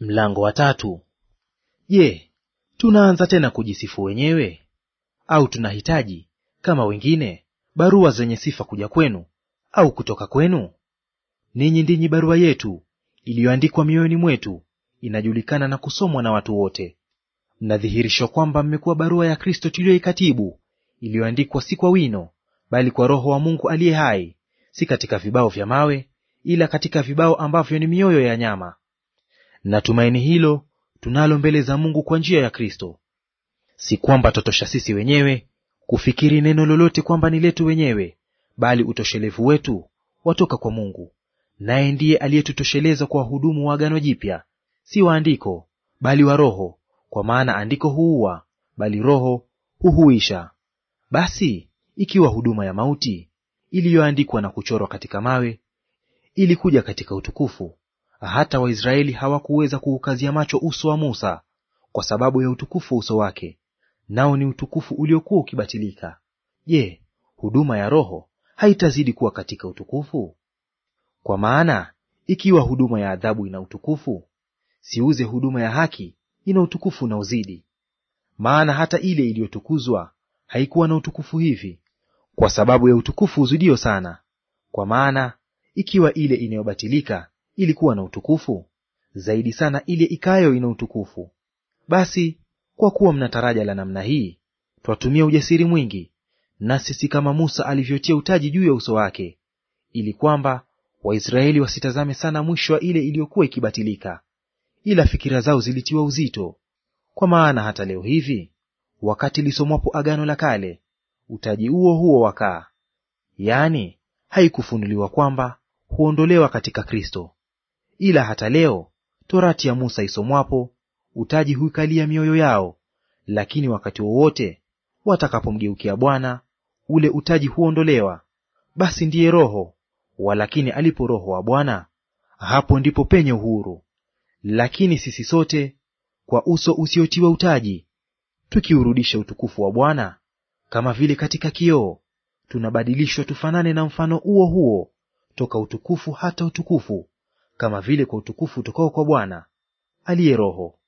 Mlango wa tatu. Je, tunaanza tena kujisifu wenyewe? Au tunahitaji kama wengine barua zenye sifa kuja kwenu au kutoka kwenu? Ninyi ndinyi barua yetu iliyoandikwa mioyoni mwetu, inajulikana na kusomwa na watu wote. Mnadhihirishwa kwamba mmekuwa barua ya Kristo tuliyoikatibu, iliyoandikwa si kwa wino, bali kwa Roho wa Mungu aliye hai, si katika vibao vya mawe, ila katika vibao ambavyo ni mioyo ya nyama na tumaini hilo tunalo mbele za Mungu kwa njia ya Kristo. Si kwamba twatosha sisi wenyewe kufikiri neno lolote kwamba ni letu wenyewe, bali utoshelevu wetu watoka kwa Mungu, naye ndiye aliyetutosheleza kwa wahudumu wa agano jipya, si wa andiko, bali wa Roho, kwa maana andiko huua, bali Roho huhuisha. Basi ikiwa huduma ya mauti iliyoandikwa na kuchorwa katika mawe ilikuja katika utukufu, hata Waisraeli hawakuweza kuukazia macho uso wa Musa kwa sababu ya utukufu wa uso wake, nao ni utukufu uliokuwa ukibatilika. Je, huduma ya Roho haitazidi kuwa katika utukufu? Kwa maana ikiwa huduma ya adhabu ina utukufu, siuze huduma ya haki ina utukufu na uzidi. Maana hata ile iliyotukuzwa haikuwa na utukufu hivi, kwa sababu ya utukufu uzidio sana. Kwa maana ikiwa ile inayobatilika ilikuwa na utukufu, zaidi sana ile ikayo ina utukufu. Basi kwa kuwa mna taraja la namna hii, twatumia ujasiri mwingi, nasi si kama Musa alivyotia utaji juu ya uso wake, ili kwamba Waisraeli wasitazame sana mwisho wa ile iliyokuwa ikibatilika, ila fikira zao zilitiwa uzito. Kwa maana hata leo hivi wakati lisomwapo Agano la Kale, utaji huo huo wakaa, yaani haikufunuliwa kwamba huondolewa katika Kristo. Ila hata leo torati ya Musa isomwapo, utaji huikalia mioyo yao, lakini wakati wowote watakapomgeukia Bwana, ule utaji huondolewa. Basi ndiye Roho, walakini alipo Roho wa Bwana, hapo ndipo penye uhuru. Lakini sisi sote kwa uso usiotiwa utaji, tukiurudisha utukufu wa Bwana kama vile katika kioo, tunabadilishwa tufanane na mfano uo huo, toka utukufu hata utukufu, kama vile kwa utukufu utokao kwa Bwana aliye Roho.